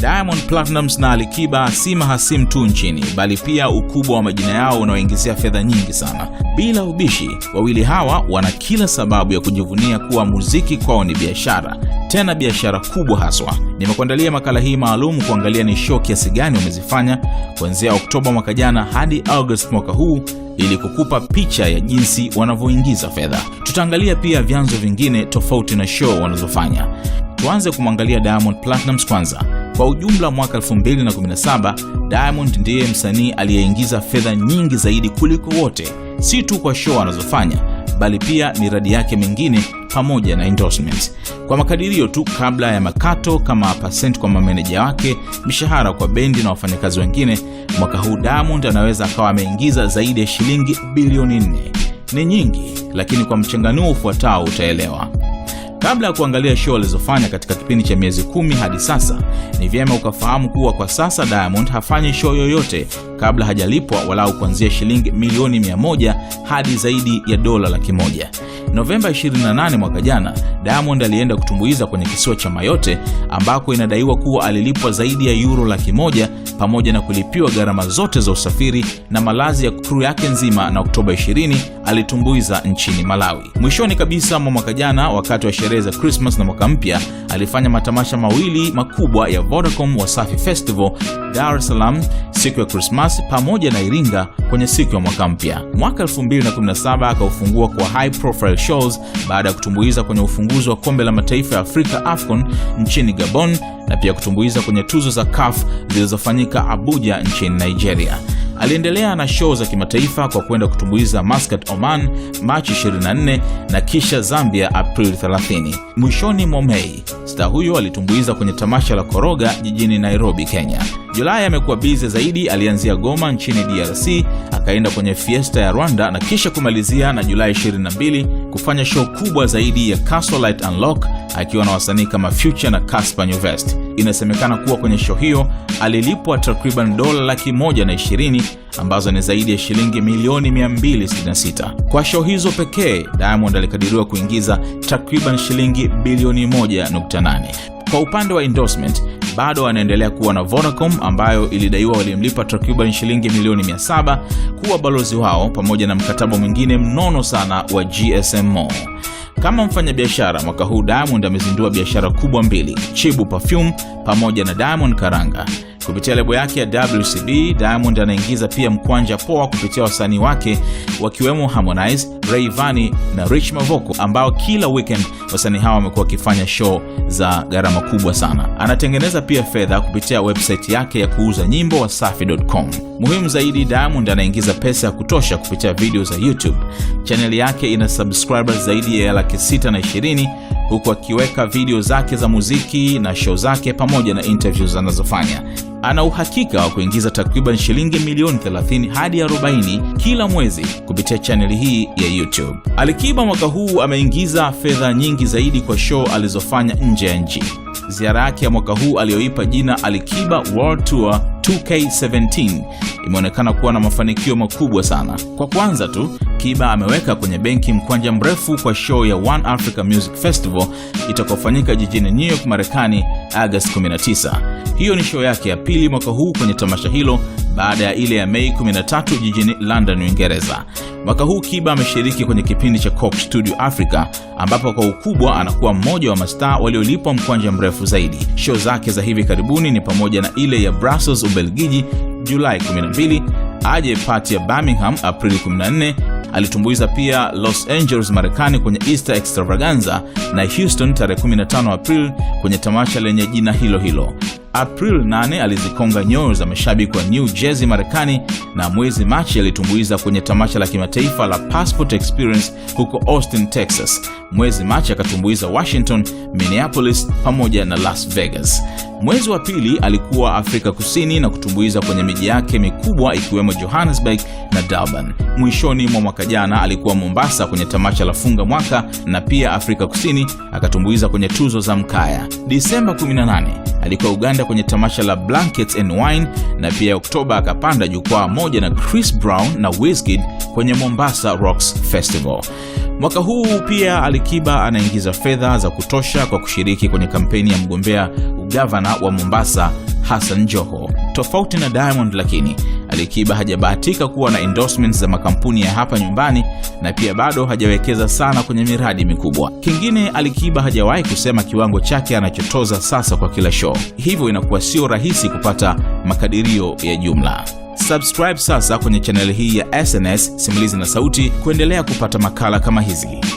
Diamond platinums na Alikiba si mahasimu tu nchini, bali pia ukubwa wa majina yao unaoingizia fedha nyingi sana. Bila ubishi, wawili hawa wana kila sababu ya kujivunia kuwa muziki kwao ni biashara, tena biashara kubwa haswa. Nimekuandalia makala hii maalum kuangalia ni show kiasi gani wamezifanya kuanzia Oktoba mwaka jana hadi august mwaka huu ili kukupa picha ya jinsi wanavyoingiza fedha. Tutaangalia pia vyanzo vingine tofauti na show wanazofanya. Tuanze kumwangalia Diamond platinums kwanza. Kwa ujumla, mwaka 2017 Diamond ndiye msanii aliyeingiza fedha nyingi zaidi kuliko wote, si tu kwa show anazofanya bali pia miradi yake mingine pamoja na endorsements. Kwa makadirio tu kabla ya makato kama percent kwa mameneja wake, mishahara kwa bendi na wafanyakazi wengine, mwaka huu Diamond anaweza akawa ameingiza zaidi ya shilingi bilioni 4 Ni nyingi, lakini kwa mchanganuo ufuatao utaelewa. Kabla ya kuangalia show alizofanya katika kipindi cha miezi kumi hadi sasa, ni vyema ukafahamu kuwa kwa sasa Diamond hafanyi show yoyote kabla hajalipwa walau kuanzia shilingi milioni 1 hadi zaidi ya dola laki moja. Novemba 28 mwaka jana, Diamond alienda kutumbuiza kwenye kisiwa cha Mayote ambako inadaiwa kuwa alilipwa zaidi ya euro laki moja pamoja na kulipiwa gharama zote za usafiri na malazi ya kru yake nzima, na Oktoba 20 alitumbuiza nchini Malawi. Mwishoni kabisa mwa mwaka jana, wakati wa sherehe za Christmas na mwaka mpya, alifanya matamasha mawili makubwa ya Vodacom Wasafi Festival Dar es Salaam siku ya Krismasi pamoja na Iringa kwenye siku ya mwaka mpya. Mwaka 2017 akaufungua kwa high profile shows baada ya kutumbuiza kwenye ufunguzi wa kombe la mataifa ya Afrika AFCON nchini Gabon na pia kutumbuiza kwenye tuzo za CAF zilizofanyika Abuja nchini Nigeria. Aliendelea na show za kimataifa kwa kwenda kutumbuiza Muscat, Oman Machi 24 na kisha Zambia Aprili 30. Mwishoni mwa Mei, sta huyo alitumbuiza kwenye tamasha la Koroga jijini Nairobi, Kenya. Julai amekuwa bize zaidi, alianzia Goma nchini DRC, akaenda kwenye fiesta ya Rwanda na kisha kumalizia na Julai 22 kufanya show kubwa zaidi ya Castle Light Unlock akiwa na wasanii kama Future na Casper Nyovest. Inasemekana kuwa kwenye show hiyo alilipwa takriban dola laki moja na ishirini ambazo ni zaidi ya shilingi milioni 266. Kwa show hizo pekee, Diamond alikadiriwa kuingiza takriban shilingi bilioni 1.8. Kwa upande wa endorsement bado anaendelea kuwa na Vodacom ambayo ilidaiwa walimlipa takriban shilingi milioni 700 kuwa balozi wao pamoja na mkataba mwingine mnono sana wa GSMO. Kama mfanyabiashara mwaka huu, Diamond amezindua biashara kubwa mbili, Chibu Perfume pamoja na Diamond Karanga. Kupitia lebo yake ya WCB, Diamond anaingiza pia mkwanja poa kupitia wasanii wake wakiwemo Harmonize, Rayvanny na Rich Mavoko, ambao kila weekend wasanii hawa wamekuwa wakifanya show za gharama kubwa sana. Anatengeneza pia fedha kupitia websaiti yake ya kuuza nyimbo Wasafi.com. Muhimu zaidi, Diamond anaingiza pesa ya kutosha kupitia video za YouTube. Chaneli yake ina subscribers zaidi ya laki sita na ishirini huku akiweka video zake za muziki na show zake pamoja na interviews anazofanya. Ana uhakika wa kuingiza takriban shilingi milioni 30 hadi 40 kila mwezi kupitia chaneli hii ya YouTube. Alikiba mwaka huu ameingiza fedha nyingi zaidi kwa show alizofanya nje ya nchi. Ziara yake ya mwaka huu aliyoipa jina Alikiba World Tour 2K17 imeonekana kuwa na mafanikio makubwa sana. Kwa kwanza tu, Kiba ameweka kwenye benki mkwanja mrefu kwa show ya One Africa Music Festival itakofanyika jijini New York, Marekani Agosti 19. Hiyo ni show yake ya pili mwaka huu kwenye tamasha hilo baada ya ile ya Mei 13 jijini London, Uingereza. Mwaka huu Kiba ameshiriki kwenye kipindi cha Coke Studio Africa ambapo kwa ukubwa anakuwa mmoja wa mastaa waliolipwa mkwanja mrefu zaidi. Show zake za hivi karibuni ni pamoja na ile ya Brussels Ubelgiji Julai 12, aje pati ya Birmingham Aprili 14. Alitumbuiza pia Los Angeles Marekani kwenye Easter Extravaganza na Houston tarehe 15 Aprili kwenye tamasha lenye jina hilo hilo. April 8 alizikonga nyoyo za mashabiki wa New Jersey Marekani, na mwezi Machi alitumbuiza kwenye tamasha la kimataifa la Passport Experience huko Austin, Texas. Mwezi Machi akatumbuiza Washington, Minneapolis pamoja na Las Vegas. Mwezi wa pili alikuwa Afrika Kusini na kutumbuiza kwenye miji yake mikubwa ikiwemo Johannesburg na Durban. Mwishoni mwa mwaka jana alikuwa Mombasa kwenye tamasha la Funga Mwaka na pia Afrika Kusini akatumbuiza kwenye tuzo za Mkaya. Disemba 18 alikuwa Uganda kwenye tamasha la Blankets and Wine na pia Oktoba akapanda jukwaa moja na Chris Brown na Wizkid kwenye Mombasa Rocks Festival. Mwaka huu pia Alikiba anaingiza fedha za kutosha kwa kushiriki kwenye kampeni ya mgombea gavana wa Mombasa Hassan Joho. Tofauti na Diamond lakini, Alikiba hajabahatika kuwa na endorsements za makampuni ya hapa nyumbani na pia bado hajawekeza sana kwenye miradi mikubwa. Kingine, Alikiba hajawahi kusema kiwango chake anachotoza sasa kwa kila show, hivyo inakuwa sio rahisi kupata makadirio ya jumla. Subscribe sasa kwenye chaneli hii ya SNS Simulizi na Sauti kuendelea kupata makala kama hizi.